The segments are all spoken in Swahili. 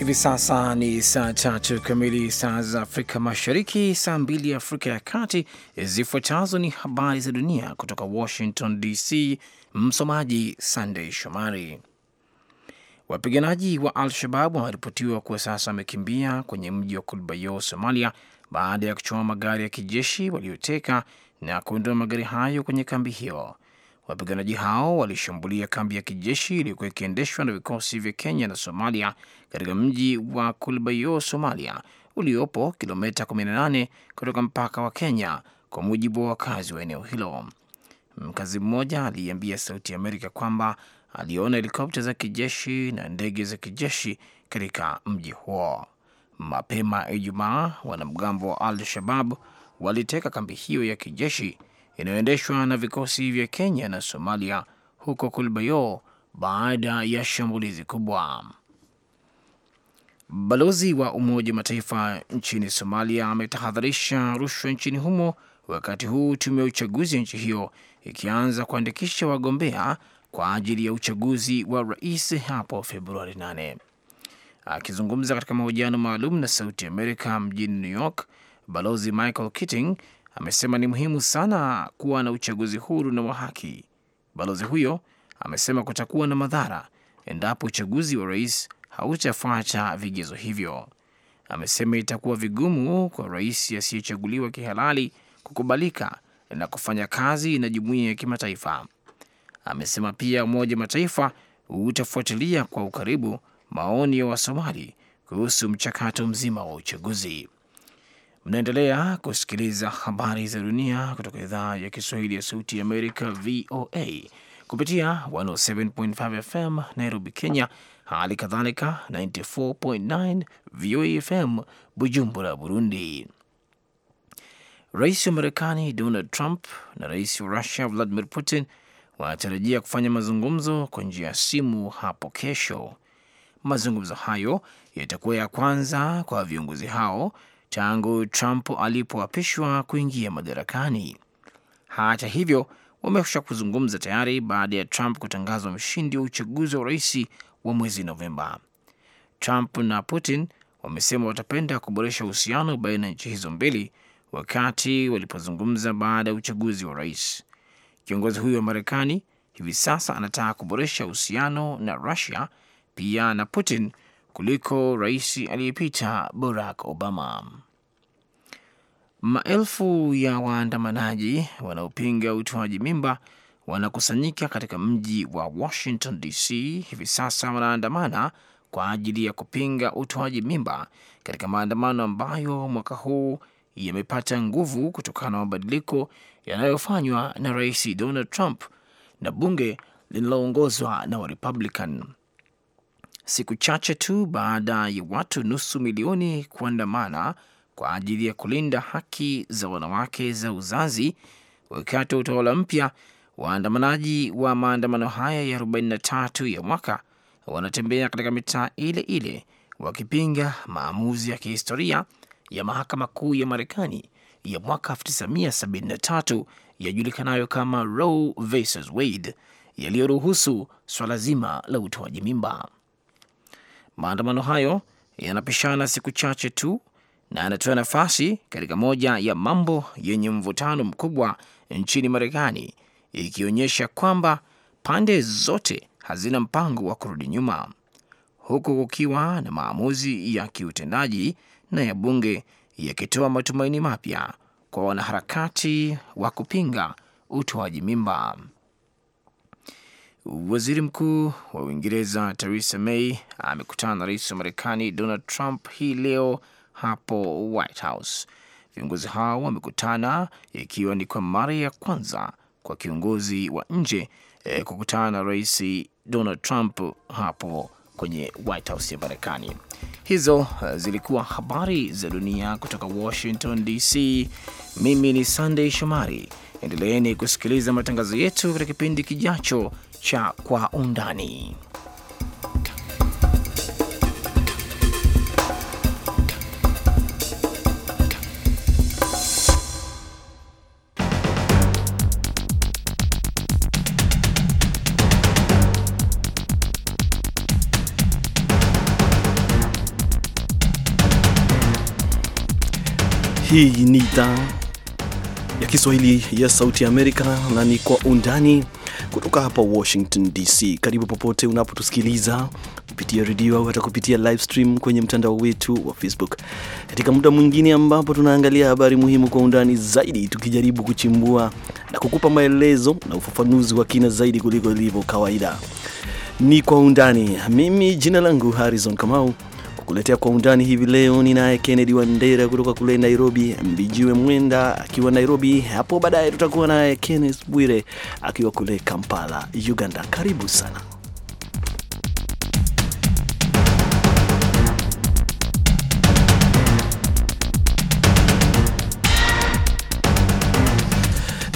Hivi sasa ni saa tatu kamili, saa za Afrika Mashariki, saa mbili ya Afrika ya Kati. Zifuatazo ni habari za dunia kutoka Washington DC. Msomaji Sandey Shomari. Wapiganaji wa Al-Shabab wameripotiwa kuwa sasa wamekimbia kwenye mji wa Kulbayo, Somalia, baada ya kuchoma magari ya kijeshi walioteka na kuondoa magari hayo kwenye kambi hiyo. Wapiganaji hao walishambulia kambi ya kijeshi iliyokuwa ikiendeshwa na vikosi vya Kenya na Somalia katika mji wa Kulbayo, Somalia, uliopo kilomita 18 kutoka mpaka wa Kenya, kwa mujibu wa wakazi wa eneo hilo. Mkazi mmoja aliiambia Sauti ya Amerika kwamba aliona helikopta za kijeshi na ndege za kijeshi katika mji huo. Mapema Ijumaa, wanamgambo wa Al Shabab waliteka kambi hiyo ya kijeshi inayoendeshwa na vikosi vya Kenya na Somalia huko Kulbayo baada ya shambulizi kubwa. Balozi wa Umoja wa Mataifa nchini Somalia ametahadharisha rushwa nchini humo, wakati huu tume ya uchaguzi ya nchi hiyo ikianza kuandikisha wagombea kwa ajili ya uchaguzi wa rais hapo Februari 8. Akizungumza katika mahojiano maalum na Sauti Amerika mjini New York, Balozi Michael Keating amesema ni muhimu sana kuwa na uchaguzi huru na wa haki. Balozi huyo amesema kutakuwa na madhara endapo uchaguzi wa rais hautafuata vigezo hivyo. Amesema itakuwa vigumu kwa rais asiyechaguliwa kihalali kukubalika na kufanya kazi na jumuiya ya kimataifa. Amesema pia Umoja wa Mataifa utafuatilia kwa ukaribu maoni ya Wasomali kuhusu mchakato mzima wa uchaguzi. Mnaendelea kusikiliza habari za dunia kutoka idhaa ya Kiswahili ya Sauti ya Amerika, VOA, kupitia 107.5 FM Nairobi, Kenya, hali kadhalika 94.9 VOA FM Bujumbura, Burundi. Rais wa Marekani Donald Trump na rais wa Russia Vladimir Putin wanatarajia kufanya mazungumzo kwa njia ya simu hapo kesho. Mazungumzo hayo yatakuwa ya kwanza kwa viongozi hao tangu Trump alipoapishwa kuingia madarakani. Hata hivyo, wamesha kuzungumza tayari baada ya Trump kutangazwa mshindi wa uchaguzi wa urais wa mwezi Novemba. Trump na Putin wamesema watapenda kuboresha uhusiano baina ya nchi hizo mbili wakati walipozungumza baada ya uchaguzi wa rais. Kiongozi huyo wa Marekani hivi sasa anataka kuboresha uhusiano na Rusia pia na Putin kuliko rais aliyepita Barack Obama. Maelfu ya waandamanaji wanaopinga utoaji mimba wanakusanyika katika mji wa Washington DC hivi sasa, wanaandamana kwa ajili ya kupinga utoaji mimba katika maandamano ambayo mwaka huu yamepata nguvu kutokana na mabadiliko yanayofanywa na Rais Donald Trump na bunge linaloongozwa na Warepublican siku chache tu baada ya watu nusu milioni kuandamana kwa ajili ya kulinda haki za wanawake za uzazi wakati wa utawala mpya. Waandamanaji wa maandamano haya ya 43 ya mwaka wanatembea katika mitaa ile ile wakipinga maamuzi ya kihistoria ya mahakama kuu ya Marekani ya mwaka 1973 yajulikanayo kama Roe versus Wade yaliyoruhusu swala zima la utoaji mimba. Maandamano hayo yanapishana siku chache tu na yanatoa nafasi katika moja ya mambo yenye mvutano mkubwa nchini Marekani, ikionyesha kwamba pande zote hazina mpango wa kurudi nyuma, huku kukiwa na maamuzi ya kiutendaji na ya bunge yakitoa matumaini mapya kwa wanaharakati wa kupinga utoaji mimba. Waziri Mkuu wa Uingereza Theresa May amekutana na rais wa Marekani Donald Trump hii leo hapo White House. Viongozi hao wamekutana ikiwa ni kwa mara ya kwanza kwa kiongozi wa nje e, kukutana na rais Donald Trump hapo kwenye White House ya Marekani. Hizo eh, zilikuwa habari za dunia kutoka Washington DC. Mimi ni sandey Shomari. Endeleeni kusikiliza matangazo yetu katika kipindi kijacho cha Kwa Undani. Hii ni idhaa ya Kiswahili ya Sauti ya Amerika na ni Kwa Undani kutoka hapa Washington DC. Karibu popote unapotusikiliza kupitia redio au hata kupitia live stream kwenye mtandao wetu wa Facebook, katika muda mwingine ambapo tunaangalia habari muhimu kwa undani zaidi, tukijaribu kuchimbua na kukupa maelezo na ufafanuzi wa kina zaidi kuliko ilivyo kawaida. Ni kwa undani. Mimi jina langu Harrison Kamau kukuletea kwa undani hivi leo ni naye Kennedy Wandera kutoka kule Nairobi, Mbijiwe Mwenda akiwa Nairobi. Hapo baadaye tutakuwa naye Kenneth Bwire akiwa kule Kampala, Uganda. Karibu sana.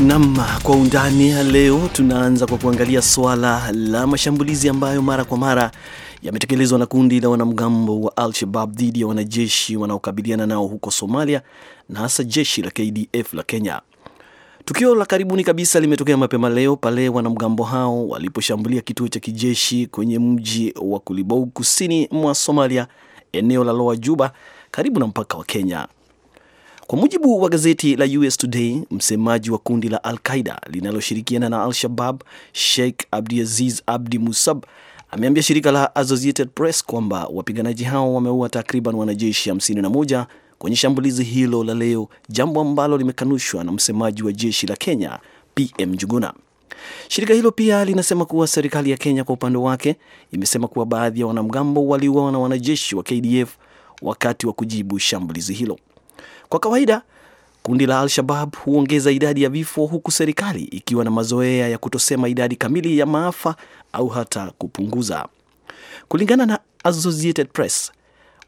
Nam, kwa undani leo tunaanza kwa kuangalia swala la mashambulizi ambayo mara kwa mara yametekelezwa na kundi la wanamgambo wa Al-Shabab dhidi ya wanajeshi wanaokabiliana nao huko Somalia na hasa jeshi la KDF la Kenya. Tukio la karibuni kabisa limetokea mapema leo pale wanamgambo hao waliposhambulia kituo cha kijeshi kwenye mji wa Kulibou kusini mwa Somalia, eneo la Lower Juba karibu na mpaka wa Kenya. Kwa mujibu wa gazeti la US Today, msemaji wa kundi la Al Qaida linaloshirikiana na Al Shabab, Sheikh Abdiaziz Abdi Musab ameambia shirika la Associated Press kwamba wapiganaji hao wameua takriban wanajeshi 51 kwenye shambulizi hilo la leo, jambo ambalo limekanushwa na msemaji wa jeshi la Kenya PM Njuguna. Shirika hilo pia linasema kuwa serikali ya Kenya kwa upande wake imesema kuwa baadhi ya wanamgambo waliuawa na wanajeshi wa KDF wakati wa kujibu shambulizi hilo. Kwa kawaida Kundi la Al-Shabab huongeza idadi ya vifo huku serikali ikiwa na mazoea ya kutosema idadi kamili ya maafa au hata kupunguza. Kulingana na Associated Press,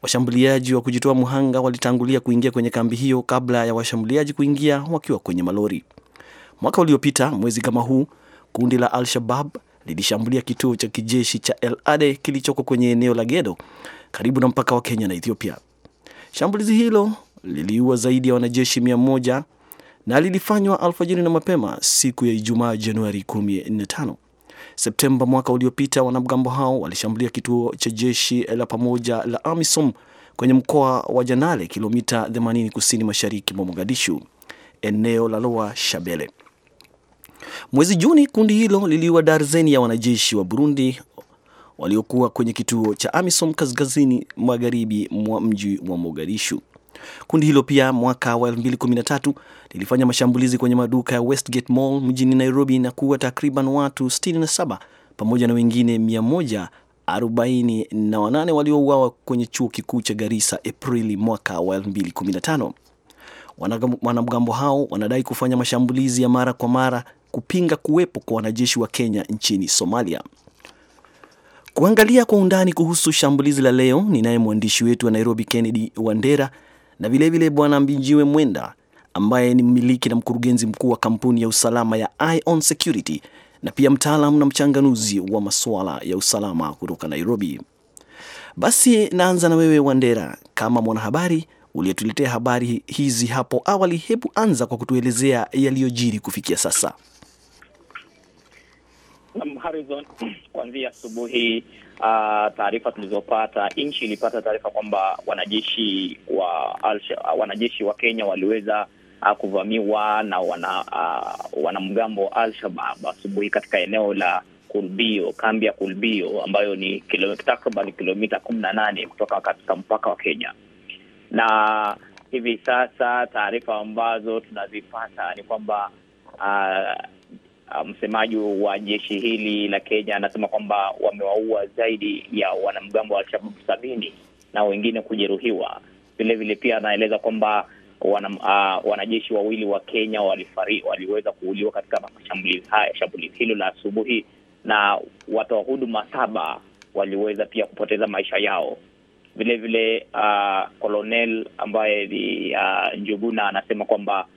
washambuliaji wa kujitoa muhanga walitangulia kuingia kwenye kambi hiyo kabla ya washambuliaji kuingia wakiwa kwenye malori. Mwaka uliopita mwezi kama huu, kundi la Al-Shabab lilishambulia kituo cha kijeshi cha El Ade kilichoko kwenye eneo la Gedo karibu na mpaka wa Kenya na Ethiopia. Shambulizi hilo liliua zaidi ya wanajeshi mia moja na lilifanywa alfajiri na mapema siku ya Ijumaa Januari 15. Septemba mwaka uliopita, wanamgambo hao walishambulia kituo cha jeshi la pamoja la AMISOM kwenye mkoa wa Janale, kilomita 80 kusini mashariki mwa Mogadishu, eneo la Loa Shabele. Mwezi Juni, kundi hilo liliua darzeni ya wanajeshi wa Burundi waliokuwa kwenye kituo cha AMISOM kaskazini magharibi mwa mji wa Mogadishu. Kundi hilo pia mwaka wa 2013 lilifanya mashambulizi kwenye maduka ya Westgate Mall mjini Nairobi na kuua takriban watu 67 pamoja na wengine 148 waliouawa kwenye chuo kikuu cha Garissa Aprili mwaka wa 2015. Wanamgambo hao wanadai kufanya mashambulizi ya mara kwa mara kupinga kuwepo kwa wanajeshi wa Kenya nchini Somalia. Kuangalia kwa undani kuhusu shambulizi la leo, ninaye mwandishi wetu wa Nairobi Kennedy Wandera na vilevile Bwana Mbinjiwe Mwenda ambaye ni mmiliki na mkurugenzi mkuu wa kampuni ya usalama ya Ion Security na pia mtaalamu na mchanganuzi wa masuala ya usalama kutoka Nairobi. Basi naanza na wewe Wandera, kama mwanahabari uliyetuletea habari hizi hapo awali, hebu anza kwa kutuelezea yaliyojiri kufikia sasa. Harizon, kuanzia asubuhi uh, taarifa tulizopata, nchi ilipata taarifa kwamba wanajeshi wa ah, wanajeshi wa Kenya waliweza uh, kuvamiwa na wana uh, wanamgambo wa alshabab asubuhi katika eneo la Kulbio, kambi ya Kulbio ambayo ni takriban kilomita kumi na nane kutoka katika mpaka wa Kenya na hivi sasa taarifa ambazo tunazipata ni kwamba uh, Ah, msemaji um, wa jeshi hili la Kenya anasema kwamba wamewaua zaidi ya wanamgambo wa alshababu sabini na wengine kujeruhiwa. Vilevile pia anaeleza kwamba wana, uh, ah, wanajeshi wawili wa Kenya walifari, waliweza kuuliwa katika shambulizi hilo la asubuhi na watoa huduma saba waliweza pia kupoteza maisha yao. Vilevile vile, uh, ambaye ni uh, Njuguna anasema kwamba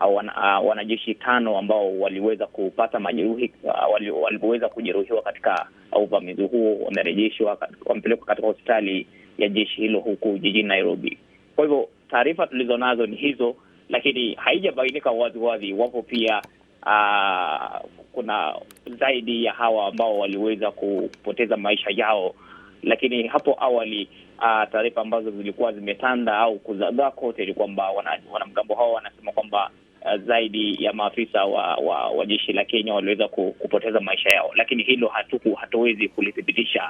Ah, wanajeshi tano ambao waliweza kupata majeruhi uh, waliweza kujeruhiwa katika ah, uvamizi huo wamerejeshwa, wamepelekwa katika hospitali ya jeshi hilo huku jijini Nairobi. Kwa hivyo taarifa tulizo nazo ni hizo, lakini haijabainika waziwazi iwapo pia aa, kuna zaidi ya hawa ambao waliweza kupoteza maisha yao, lakini hapo awali taarifa ambazo zilikuwa zimetanda au kuzagaa kote ni kwamba wanamgambo wana hao wanasema kwamba Eh, zaidi ya maafisa wa, wa, wa jeshi la Kenya waliweza kupoteza maisha yao, lakini hilo hatuku hatuwezi kulithibitisha.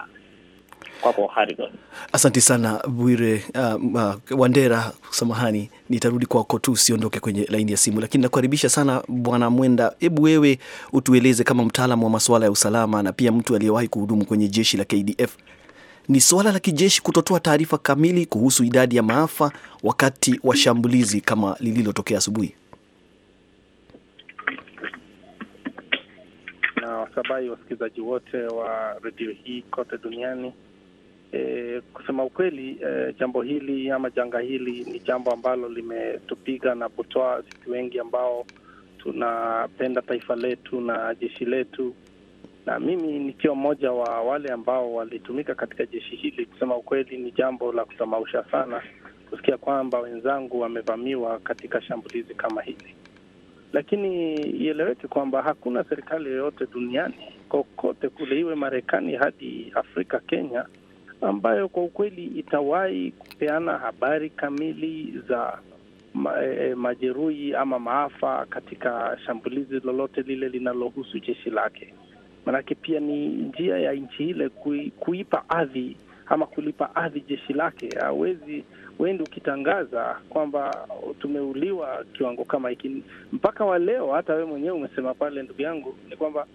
asanti sana Bwire uh, uh, Wandera, samahani, nitarudi kwako tu, usiondoke kwenye laini ya simu, lakini nakukaribisha sana Bwana Mwenda. Hebu wewe utueleze kama mtaalamu wa masuala ya usalama na pia mtu aliyewahi kuhudumu kwenye jeshi la KDF, ni suala la kijeshi kutotoa taarifa kamili kuhusu idadi ya maafa wakati wa shambulizi kama lililotokea asubuhi? na wasabai wasikilizaji wote wa redio hii kote duniani. E, kusema ukweli e, jambo hili ama janga hili ni jambo ambalo limetupiga na kutoa sisi wengi ambao tunapenda taifa letu na jeshi letu, na mimi nikiwa mmoja wa wale ambao walitumika katika jeshi hili. Kusema ukweli, ni jambo la kusamausha sana kusikia kwamba wenzangu wamevamiwa katika shambulizi kama hili lakini ieleweke kwamba hakuna serikali yoyote duniani kokote kule, iwe Marekani hadi Afrika, Kenya, ambayo kwa ukweli itawahi kupeana habari kamili za ma, e, majeruhi ama maafa katika shambulizi lolote lile linalohusu jeshi lake. Maanake pia ni njia ya nchi ile kui, kuipa adhi ama kulipa adhi jeshi lake. Hawezi wendi ukitangaza kwamba tumeuliwa kiwango kama hiki, mpaka wa leo, hata wewe mwenyewe umesema pale, ndugu yangu, ni kwamba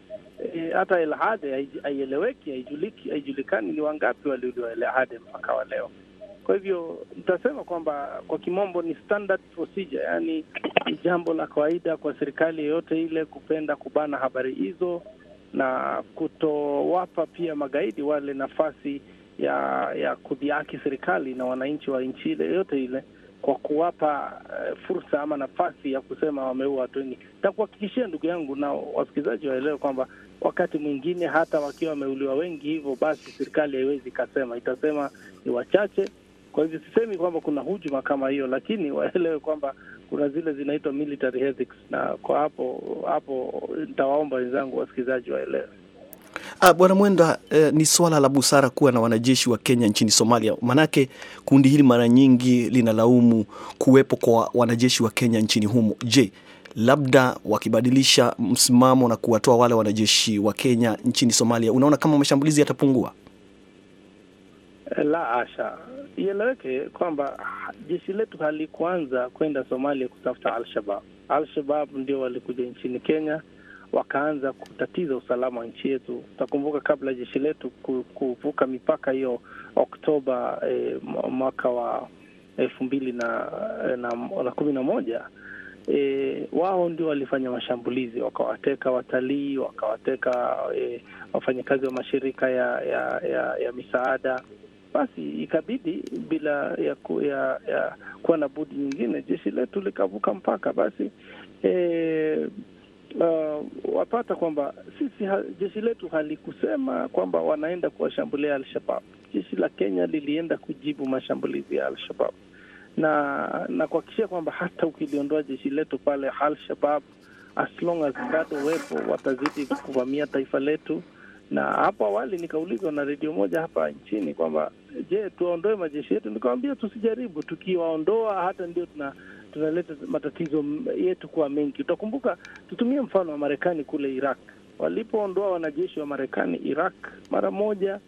e, hata Elhade haieleweki, haijuliki, haijulikani ni wangapi waliuliwa Elhade mpaka wa leo. Kwa hivyo ntasema kwamba kwa kimombo ni standard procedure, yaani ni jambo la kawaida kwa serikali yoyote ile kupenda kubana habari hizo na kutowapa pia magaidi wale nafasi ya ya kudhiaki serikali na wananchi wa nchi ile yote ile kwa kuwapa uh, fursa ama nafasi ya kusema wameua watu wengi. Nitakuhakikishia ndugu yangu na wasikilizaji waelewe kwamba wakati mwingine hata wakiwa wameuliwa wengi hivyo, basi serikali haiwezi ikasema, itasema ni wachache. Kwa hivyo sisemi kwamba kuna hujuma kama hiyo, lakini waelewe kwamba kuna zile zinaitwa military ethics, na kwa hapo hapo nitawaomba wenzangu wasikilizaji waelewe. Ah, Bwana Mwenda, eh, ni swala la busara kuwa na wanajeshi wa Kenya nchini Somalia, manake kundi hili mara nyingi linalaumu kuwepo kwa wanajeshi wa Kenya nchini humo. Je, labda wakibadilisha msimamo na kuwatoa wale wanajeshi wa Kenya nchini Somalia, unaona kama mashambulizi yatapungua? La asha, ieleweke kwamba jeshi letu halikuanza kwenda Somalia kutafuta al alshabab al ndio walikuja nchini Kenya wakaanza kutatiza usalama wa nchi yetu. Utakumbuka kabla jeshi letu kuvuka mipaka hiyo Oktoba e, mwaka wa elfu mbili na, eh, na, na kumi na moja E, wao ndio walifanya mashambulizi, wakawateka watalii, wakawateka e, wafanyakazi wa mashirika ya ya, ya, ya misaada. Basi ikabidi bila ya, ku, ya, ya kuwa na budi nyingine, jeshi letu likavuka mpaka. Basi e, uh, wapata kwamba sisi jeshi letu halikusema kwamba wanaenda kuwashambulia alshabab Jeshi la Kenya lilienda kujibu mashambulizi ya alshabab na na kuhakikishia kwamba hata ukiliondoa jeshi letu pale, alshabab shabab as long as bado wepo watazidi kuvamia taifa letu. Na hapo awali nikaulizwa na redio moja hapa nchini kwamba je, tuwaondoe majeshi yetu? Nikawambia tusijaribu, tukiwaondoa hata ndio tuna tunaleta matatizo yetu kuwa mengi. Utakumbuka, tutumie mfano wa Marekani kule Iraq, walipoondoa wanajeshi wa Marekani Iraq mara moja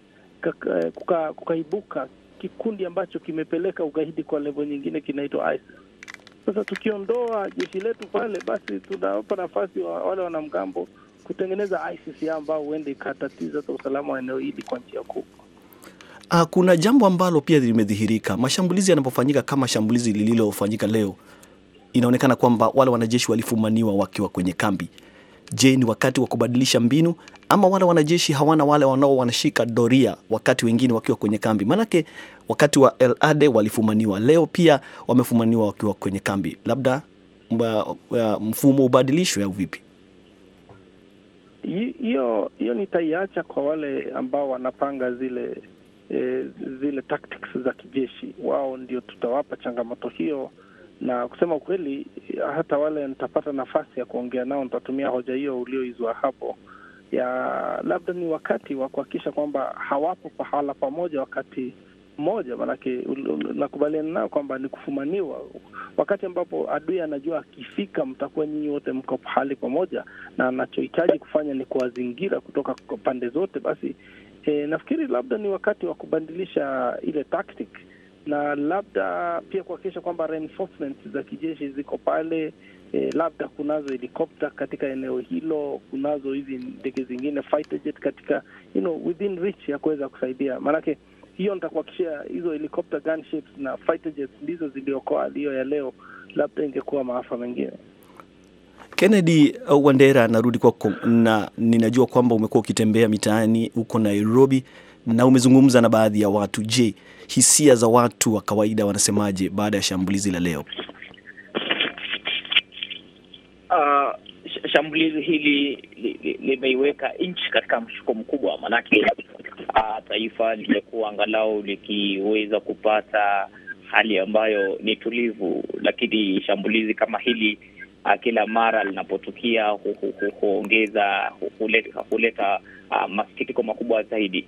kuka, eh, kuka, kukaibuka kikundi ambacho kimepeleka ugaidi kwa levo nyingine kinaitwa ISIS. Sasa tukiondoa jeshi letu pale, basi tunawapa nafasi wa, wale wanamgambo kutengeneza ISIS ambao huenda ikatatiza usalama wa eneo hili kwa njia kubwa. Ah, kuna jambo ambalo pia limedhihirika, mashambulizi yanapofanyika kama shambulizi lililofanyika leo, inaonekana kwamba wale wanajeshi walifumaniwa wakiwa kwenye kambi. Je, ni wakati wa kubadilisha mbinu ama wale wanajeshi hawana wale wanao wanashika doria wakati wengine wakiwa kwenye kambi? Maanake wakati wa lad walifumaniwa, leo pia wamefumaniwa wakiwa kwenye kambi. Labda mba, mfumo ubadilishwe au vipi? Hiyo hiyo nitaiacha kwa wale ambao wanapanga zile e, zile tactics za kijeshi. Wao ndio tutawapa changamoto hiyo na kusema ukweli, hata wale nitapata nafasi ya kuongea nao nitatumia hoja hiyo ulioizwa hapo ya labda ni wakati wa kuhakikisha kwamba hawapo pahala pamoja wakati mmoja, maanake nakubaliana nao kwamba ni kufumaniwa. Wakati ambapo adui anajua akifika, mtakuwa nyinyi wote mko pahali pamoja, na anachohitaji kufanya ni kuwazingira kutoka pande zote, basi e, nafikiri labda ni wakati wa kubadilisha ile tactic na labda pia kuhakikisha kwamba za kijeshi ziko pale. E, labda kunazo helikopta katika eneo hilo, kunazo hizi ndege zingine fighter jet katika you know, within reach ya kuweza kusaidia, maanake hiyo nitakuhakikishia hizo helikopta gunships na fighter jets ndizo ziliokoa aliyo ya leo, labda ingekuwa maafa mengine. Kennedy uh, Wandera, narudi kwako na ninajua kwamba umekuwa ukitembea mitaani huko Nairobi na umezungumza na baadhi ya watu. Je, hisia za watu wa kawaida wanasemaje baada ya shambulizi la leo? Uh, shambulizi hili limeiweka li, li nchi katika mshuko mkubwa, maanake uh, ah, taifa limekuwa angalau likiweza kupata hali ambayo ni tulivu, lakini shambulizi kama hili uh, kila mara linapotukia huongeza hu, hu, hu, huleta, huleta uh, masikitiko makubwa zaidi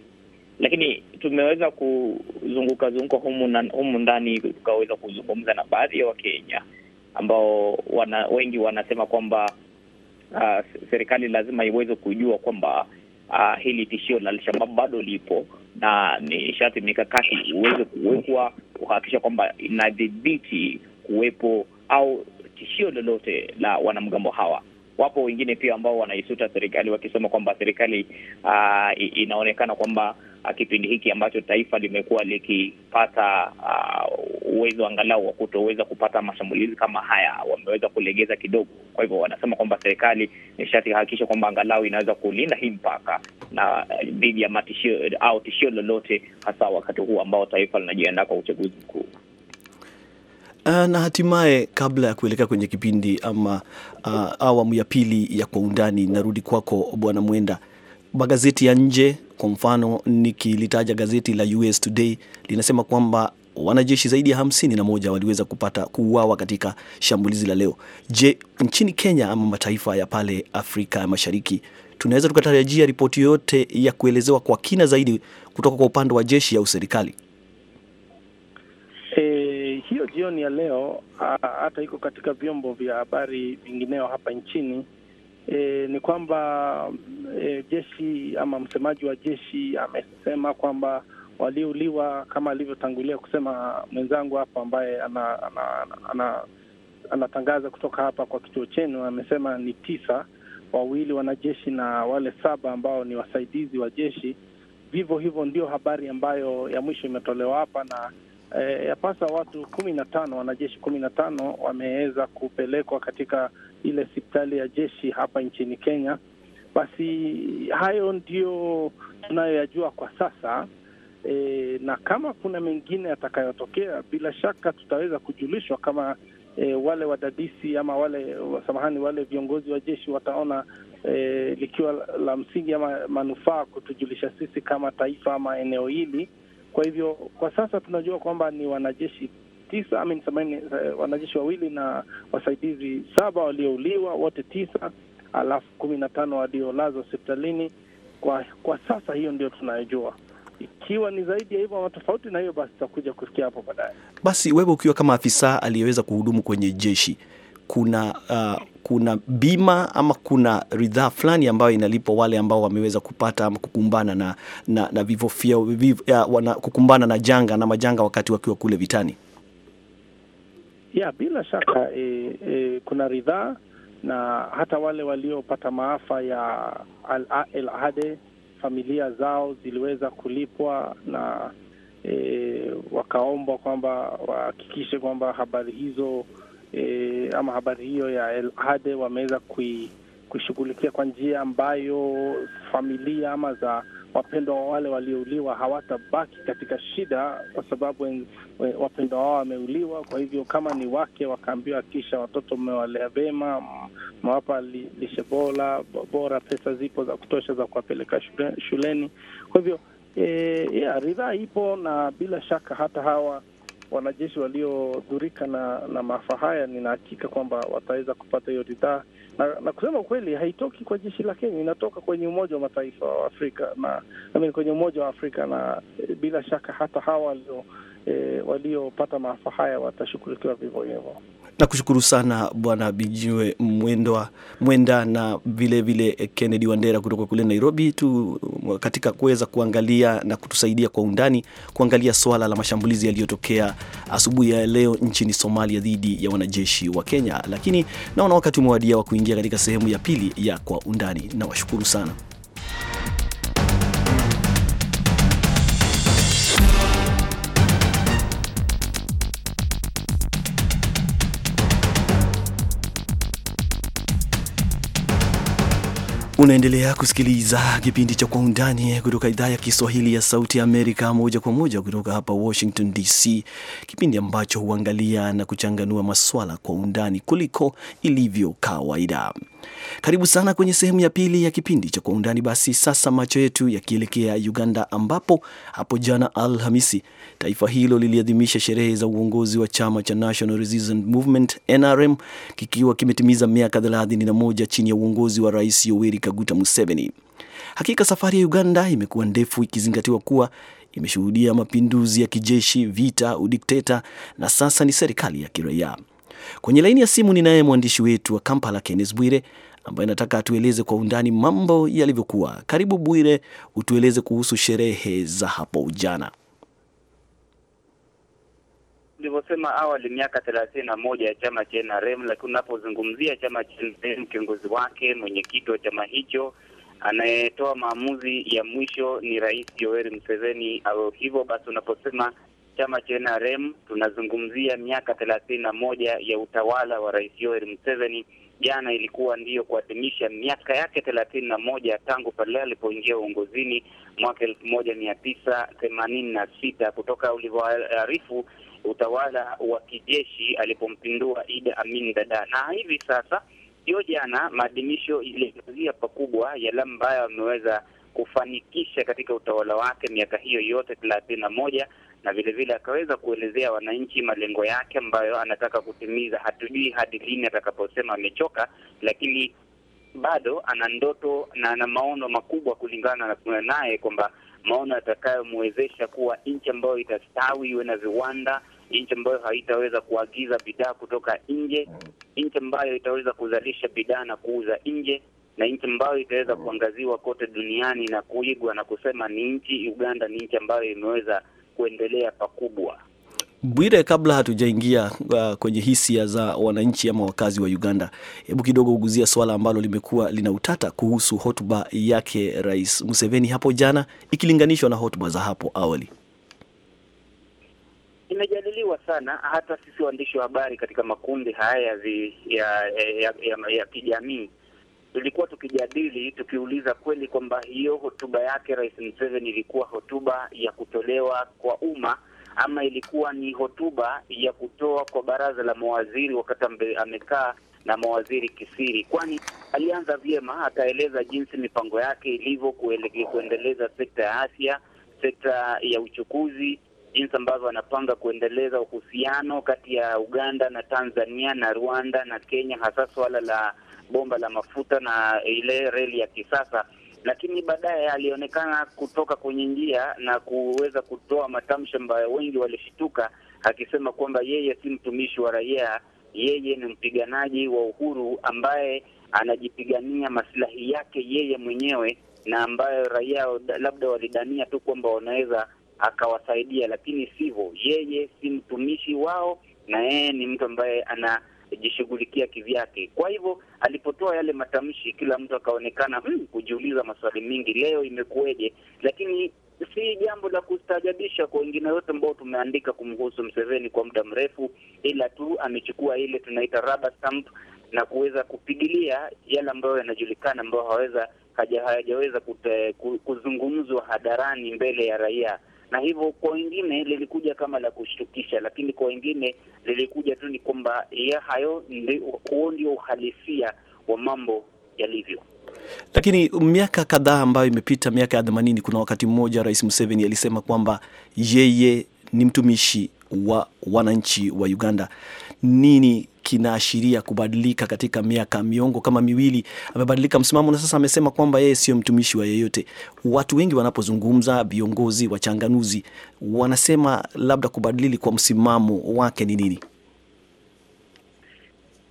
lakini tumeweza kuzunguka zunguka humu, humu ndani tukaweza kuzungumza na baadhi ya Wakenya ambao wana, wengi wanasema kwamba uh, serikali lazima iweze kujua kwamba uh, hili tishio la Alshabab bado lipo na ni sharti mikakati uweze kuwekwa kuhakikisha kwamba inadhibiti kuwepo au tishio lolote la wanamgambo hawa. Wapo wengine pia ambao wanaisuta serikali wakisema kwamba serikali uh, inaonekana kwamba Uh, kipindi hiki ambacho taifa limekuwa likipata uh, uwezo uh, angalau wa kutoweza kupata mashambulizi kama haya, wameweza kulegeza kidogo. Kwa hivyo wanasema kwamba serikali ni sharti hakikisha kwamba angalau inaweza kulinda hii mpaka na uh, dhidi ya matishio au tishio lolote, hasa wakati huu ambao taifa linajiandaa kwa uchaguzi mkuu na hatimaye kabla ya kuelekea kwenye kipindi ama uh, awamu ya pili ya Kwa Undani, narudi kwako Bwana Mwenda. Magazeti ya nje kwa mfano nikilitaja gazeti la US Today linasema kwamba wanajeshi zaidi ya hamsini na moja waliweza kupata kuuawa katika shambulizi la leo. Je, nchini Kenya ama mataifa ya pale Afrika Mashariki tunaweza tukatarajia ripoti yote ya kuelezewa kwa kina zaidi kutoka kwa upande wa jeshi au serikali? E, hiyo jioni ya leo hata iko katika vyombo vya habari vingineo hapa nchini e, ni kwamba e, jeshi ama msemaji wa jeshi amesema kwamba waliuliwa kama alivyotangulia kusema mwenzangu hapo ambaye ana, ana, ana, ana, anatangaza kutoka hapa kwa kituo chenu, amesema ni tisa, wawili wanajeshi na wale saba ambao ni wasaidizi wa jeshi. Vivyo hivyo ndio habari ambayo ya mwisho imetolewa hapa na e, yapasa watu kumi na tano wanajeshi kumi na tano wameweza kupelekwa katika ile hospitali ya jeshi hapa nchini Kenya. Basi hayo ndiyo tunayoyajua kwa sasa e, na kama kuna mengine yatakayotokea, bila shaka tutaweza kujulishwa kama e, wale wadadisi ama wale samahani, wale viongozi wa jeshi wataona e, likiwa la msingi ama manufaa kutujulisha sisi kama taifa ama eneo hili. Kwa hivyo kwa sasa tunajua kwamba ni wanajeshi tisa amin, samahani, eh, wanajeshi wawili na wasaidizi saba waliouliwa wote tisa, alafu kumi na tano waliolazwa hospitalini kwa kwa sasa. Hiyo ndio tunayojua. Ikiwa ni zaidi ya hivyo ama tofauti na hiyo, basi tutakuja kufikia hapo baadaye. Basi wewe ukiwa kama afisa aliyeweza kuhudumu kwenye jeshi, kuna uh, kuna bima ama kuna ridhaa fulani ambayo inalipwa wale ambao wameweza kupata ama kukumbana na, na, na ya, wana, kukumbana na janga na majanga wakati wakiwa kule vitani? ya bila shaka e, e, kuna ridhaa na hata wale waliopata maafa ya Al Ahade familia zao ziliweza kulipwa na e, wakaombwa kwamba wahakikishe kwamba habari hizo e, ama habari hiyo ya Al Ahade wameweza kuishughulikia kwa njia ambayo familia ama za wapendwa wa wale waliouliwa hawatabaki katika shida, kwa sababu wapendwa wao wameuliwa. Kwa hivyo kama ni wake wakaambiwa, kisha watoto mmewalea vema, mmewapa lishe bora bora, pesa zipo za kutosha za kuwapeleka shuleni. Kwa hivyo e, yeah, ridhaa ipo na bila shaka hata hawa wanajeshi waliodhurika na, na maafa haya, ninahakika kwamba wataweza kupata hiyo ridhaa na, na kusema kweli haitoki kwa jeshi la Kenya, inatoka kwenye Umoja wa Mataifa wa Afrika na amin, kwenye Umoja wa Afrika na e, bila shaka hata hawa walio e, waliopata maafa haya watashughulikiwa vivyo hivyo. Nakushukuru sana Bwana Bijiwe Mwendwa, Mwenda na vilevile Kennedy Wandera kutoka kule Nairobi tu katika kuweza kuangalia na kutusaidia kwa undani kuangalia swala la mashambulizi yaliyotokea asubuhi ya leo nchini Somalia dhidi ya wanajeshi wa Kenya. Lakini naona wakati umewadia wa kuingia katika sehemu ya pili ya kwa undani. Nawashukuru sana. Unaendelea kusikiliza kipindi cha Kwa Undani kutoka idhaa ya Kiswahili ya Sauti ya Amerika, moja kwa moja kutoka hapa Washington DC, kipindi ambacho huangalia na kuchanganua maswala kwa undani kuliko ilivyo kawaida. Karibu sana kwenye sehemu ya pili ya kipindi cha Kwa Undani. Basi sasa macho yetu yakielekea Uganda, ambapo hapo jana Alhamisi taifa hilo liliadhimisha sherehe za uongozi wa chama cha National Resistance Movement NRM kikiwa kimetimiza miaka 31 chini ya uongozi wa Rais Yoweri Kaguta Museveni. Hakika safari ya Uganda imekuwa ndefu ikizingatiwa kuwa imeshuhudia mapinduzi ya kijeshi, vita, udikteta na sasa ni serikali ya kiraia. Kwenye laini ya simu ninaye mwandishi wetu wa Kampala, Kennes Bwire, ambayo inataka atueleze kwa undani mambo yalivyokuwa. Karibu Bwire, utueleze kuhusu sherehe za hapo jana. Ulivyosema awali, miaka thelathini na moja ya chama cha NRM, lakini unapozungumzia chama cha NRM, kiongozi wake, mwenyekiti wa chama hicho anayetoa maamuzi ya mwisho ni Rais Yoweri Museveni. Au hivyo basi, unaposema chama cha NRM tunazungumzia miaka thelathini na moja ya utawala wa Rais Yoweri Museveni jana ilikuwa ndiyo kuadhimisha miaka yake thelathini na moja tangu pale alipoingia uongozini mwaka elfu moja mia tisa themanini na sita kutoka ulivyoarifu utawala wa kijeshi alipompindua Idi Amin Dada, na hivi sasa hiyo jana maadhimisho yaliangazia pakubwa yale ambayo ameweza kufanikisha katika utawala wake miaka hiyo yote thelathini na moja na vilevile akaweza kuelezea wananchi malengo yake ambayo anataka kutimiza. Hatujui hadi lini atakaposema amechoka, lakini bado ana ndoto na ana maono makubwa, kulingana na naye kwamba maono yatakayomwezesha kuwa nchi ambayo itastawi, iwe na viwanda, nchi ambayo haitaweza kuagiza bidhaa kutoka nje, nchi ambayo itaweza kuzalisha bidhaa na kuuza nje, na nchi ambayo itaweza mm. kuangaziwa kote duniani na kuigwa na kusema ni nchi Uganda ni nchi ambayo imeweza kuendelea pakubwa. Bwire, kabla hatujaingia uh, kwenye hisia za wananchi ama wakazi wa Uganda, hebu kidogo uguzia swala ambalo limekuwa lina utata kuhusu hotuba yake Rais Museveni hapo jana ikilinganishwa na hotuba za hapo awali. Imejadiliwa sana hata sisi waandishi wa habari katika makundi haya ya, ya, ya, ya, ya kijamii tulikuwa tukijadili tukiuliza kweli kwamba hiyo hotuba yake Rais Museveni ilikuwa hotuba ya kutolewa kwa umma ama ilikuwa ni hotuba ya kutoa kwa baraza la mawaziri wakati amekaa na mawaziri kisiri, kwani alianza vyema, akaeleza jinsi mipango yake ilivyo kuendeleza sekta ya afya, sekta ya uchukuzi, jinsi ambavyo anapanga kuendeleza uhusiano kati ya Uganda na Tanzania na Rwanda na Kenya, hasa suala la bomba la mafuta na ile reli ya kisasa, lakini baadaye alionekana kutoka kwenye njia na kuweza kutoa matamshi ambayo wengi walishituka akisema kwamba yeye si mtumishi wa raia, yeye ni mpiganaji wa uhuru ambaye anajipigania maslahi yake yeye mwenyewe na ambayo raia labda walidania tu kwamba wanaweza akawasaidia, lakini sivyo. Yeye si mtumishi wao, na yeye ni mtu ambaye ana kujishughulikia kivyake. Kwa hivyo alipotoa yale matamshi, kila mtu akaonekana mm, kujiuliza maswali mingi, leo imekuweje? Lakini si jambo la kustaajabisha kwa wengine wote ambao tumeandika kumhusu Mseveni kwa muda mrefu, ila tu amechukua ile tunaita rubber stamp na kuweza kupigilia yale ambayo yanajulikana, ambayo haweza hajaweza kuzungumzwa hadharani mbele ya raia na hivyo kwa wengine lilikuja kama la kushtukisha, lakini kwa wengine lilikuja tu ni kwamba ya hayo huo ndio uhalisia wa mambo yalivyo. Lakini miaka kadhaa ambayo imepita, miaka ya themanini, kuna wakati mmoja Rais Museveni alisema kwamba yeye ni mtumishi wa wananchi wa Uganda nini kinaashiria kubadilika katika miaka miongo kama miwili amebadilika msimamo na sasa amesema kwamba yeye sio mtumishi wa yeyote. Watu wengi wanapozungumza, viongozi, wachanganuzi, wanasema labda kubadilili kwa msimamo wake ni nini?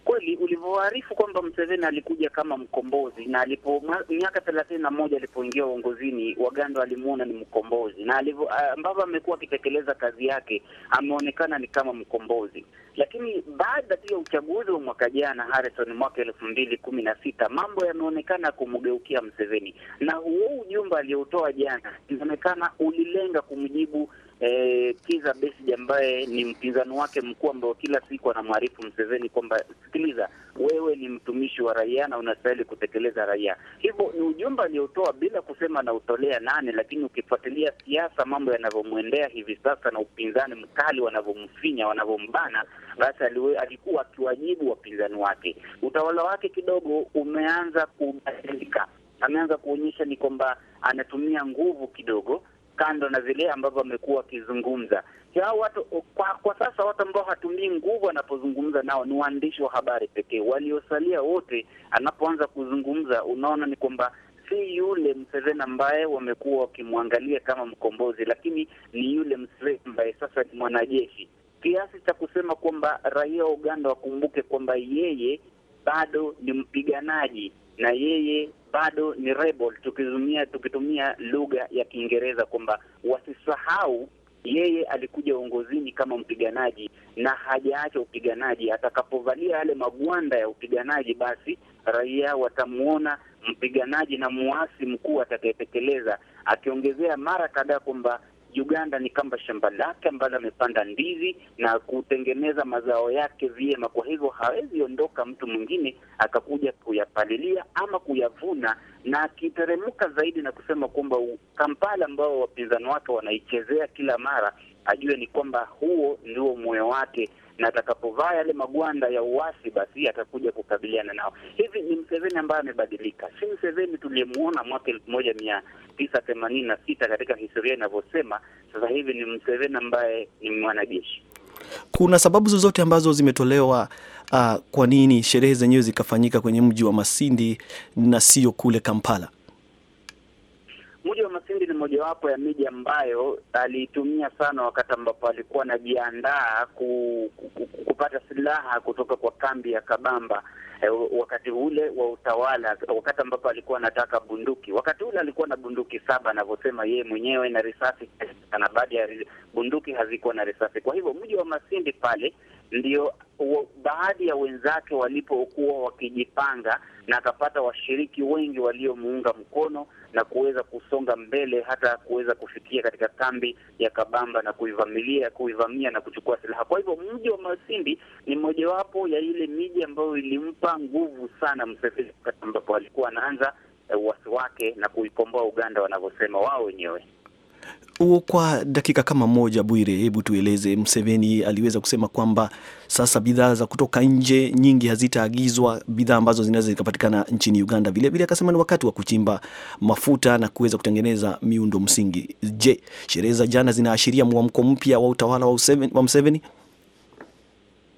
Kweli ulivyoarifu kwamba Mseveni alikuja kama mkombozi, na alipo miaka thelathini na moja alipoingia uongozini, Waganda alimwona ni mkombozi, na eh, ambavyo amekuwa akitekeleza kazi yake ameonekana ni kama mkombozi. Lakini baada tu ya uchaguzi wa mwaka jana Harrison, mwaka elfu mbili kumi na sita, mambo yameonekana kumgeukia Mseveni, na huo ujumbe aliyoutoa jana inaonekana ulilenga kumjibu eh, Kiza Besigye ambaye ni mpinzani wake mkuu, ambao kila siku anamwarifu Mseveni kwamba sikiliza, wewe ni mtumishi wa raia na unastahili kutekeleza raia. Hivyo ni ujumbe aliotoa bila kusema anautolea nani, lakini ukifuatilia siasa, mambo yanavyomwendea hivi sasa na upinzani mkali wanavyomfinya, wanavyombana, basi alikuwa akiwajibu wapinzani wake. Utawala wake kidogo umeanza kubadilika, ameanza kuonyesha ni kwamba anatumia nguvu kidogo kando na vile ambavyo wamekuwa wakizungumza hao watu kwa, kwa sasa watu ambao hatumii nguvu anapozungumza nao ni waandishi wa habari pekee. Waliosalia wote, anapoanza kuzungumza, unaona ni kwamba si yule Museveni ambaye wamekuwa wakimwangalia kama mkombozi, lakini ni yule Museveni ambaye sasa ni mwanajeshi, kiasi cha kusema kwamba raia wa Uganda wakumbuke kwamba yeye bado ni mpiganaji na yeye bado ni rebel, tukitumia tukitumia lugha ya Kiingereza kwamba wasisahau yeye alikuja uongozini kama mpiganaji na hajaacha upiganaji. Atakapovalia yale magwanda ya upiganaji, basi raia watamwona mpiganaji na muasi mkuu atakayetekeleza, akiongezea mara kadhaa kwamba Uganda ni kama shamba lake ambalo amepanda ndizi na kutengeneza mazao yake vyema. Kwa hivyo hawezi ondoka mtu mwingine akakuja kuyapalilia ama kuyavuna, na akiteremka zaidi na kusema kwamba Kampala ambao wapinzani wake wanaichezea kila mara, ajue ni kwamba huo ndio moyo wake na atakapovaa yale magwanda ya uasi, basi atakuja kukabiliana nao. Hivi ni Mseveni ambaye amebadilika, si Mseveni tuliyemwona mwaka elfu moja mia tisa themanini na sita katika historia inavyosema. Sasa hivi ni Mseveni ambaye ni mwanajeshi. Kuna sababu zozote ambazo zimetolewa uh, kwa nini sherehe zenyewe zikafanyika kwenye mji wa Masindi na sio kule Kampala? mojawapo ya miji ambayo aliitumia sana wakati ambapo alikuwa anajiandaa ku, ku, kupata silaha kutoka kwa kambi ya Kabamba eh, wakati ule wa utawala, wakati ambapo alikuwa anataka bunduki. Wakati ule alikuwa na bunduki saba anavyosema yeye mwenyewe, na risasi na baadhi ya bunduki hazikuwa na risasi. Kwa hivyo mji wa Masindi pale ndio baadhi ya wenzake walipokuwa wakijipanga, na akapata washiriki wengi waliomuunga mkono na kuweza kusonga mbele hata kuweza kufikia katika kambi ya Kabamba na kuivamilia kuivamia na kuchukua silaha. Kwa hivyo mji wa Masindi ni mojawapo ya ile miji ambayo ilimpa nguvu sana Museveni wakati ambapo alikuwa anaanza eh, uwasi wake na kuikomboa Uganda wanavyosema wao wenyewe. Kwa dakika kama moja, Bwire, hebu tueleze, mseveni aliweza kusema kwamba sasa bidhaa za kutoka nje nyingi hazitaagizwa, bidhaa ambazo zinaweza zikapatikana nchini Uganda. Vilevile akasema ni wakati wa kuchimba mafuta na kuweza kutengeneza miundo msingi. Je, sherehe za jana zinaashiria mwamko mpya wa utawala wa mseveni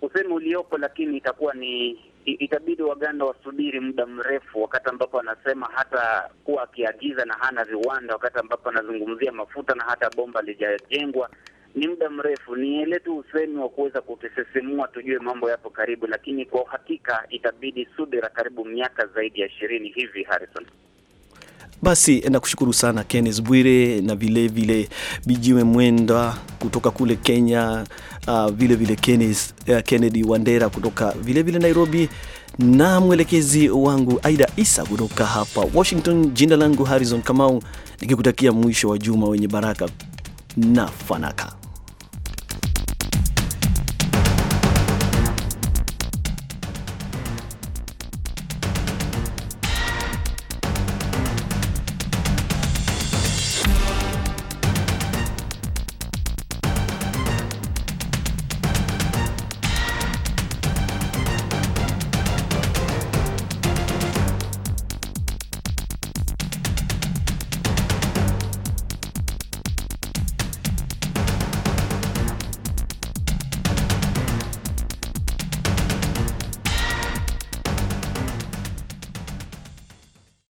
Usemi uliopo lakini itakuwa ni itabidi Waganda wasubiri muda mrefu, wakati ambapo anasema hata kuwa akiagiza na hana viwanda, wakati ambapo anazungumzia mafuta na hata bomba lijajengwa ni muda mrefu. Ni ile tu usemi wa kuweza kutusisimua tujue mambo yapo karibu, lakini kwa uhakika itabidi subira karibu miaka zaidi ya ishirini hivi, Harrison. Basi nakushukuru sana kennes Bwire na vilevile Bijiwe Mwenda kutoka kule Kenya, vilevile uh, ah, vile uh, Kennedy Wandera kutoka vilevile vile Nairobi, na mwelekezi wangu Aida Isa kutoka hapa Washington. Jina langu Harrison Kamau, nikikutakia mwisho wa juma wenye baraka na fanaka.